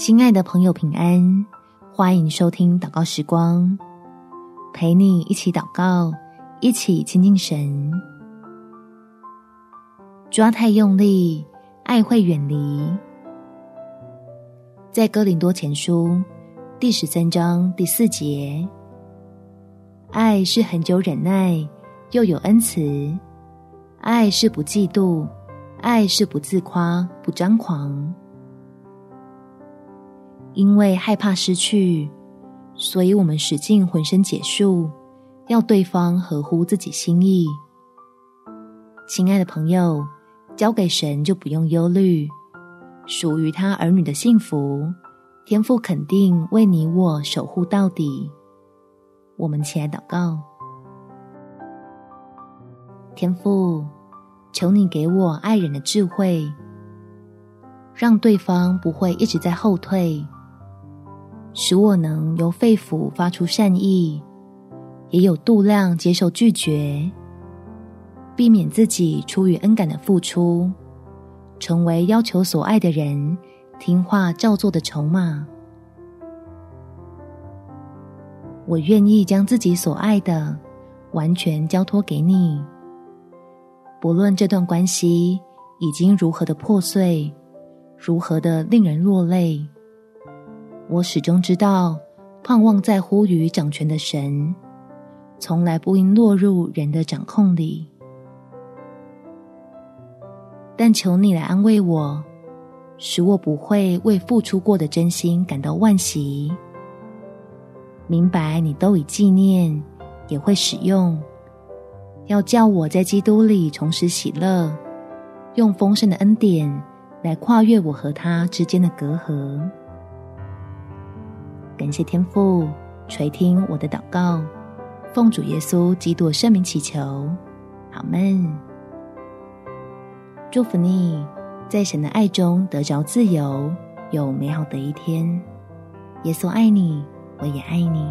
親愛的朋友，平安！歡迎收聽禱告時光，陪你一起禱告，一起親近神。抓太用力，愛會遠離。在哥林多前書第十三章第四節，愛是恆久忍耐，又有恩慈；愛是不嫉妒，愛是不自誇，不張狂。因為害怕失去，所以我們使盡渾身解數，要對方合乎自己心意。親愛的朋友，交給神就不用憂慮，屬於他兒女的幸福，天父肯定為你我守護到底。我們起來禱告，天父，求你給我愛人的智慧，讓對方不會一直在後退。使我能由肺腑發出善意，也有度量接受拒絕，避免自己出於恩感的付出，成為要求所愛的人聽話照做的籌碼。我願意將自己所愛的完全交托給你，不論這段關係已經如何的破碎，如何的令人落淚。我始終知道，盼望在乎於掌權的神，從來不應落入人的掌控裡。但求你來安慰我，使我不會為付出過的真心感到惋惜。明白你都已紀念，也會使用。要叫我在基督裡重拾喜樂，用豐盛的恩典來跨越我和他之間的隔閡。感謝天父垂聽我的禱告，奉主耶穌基督聖名祈求，阿們。祝福你在神的愛中得着自由，有美好的一天。耶穌愛你，我也愛你。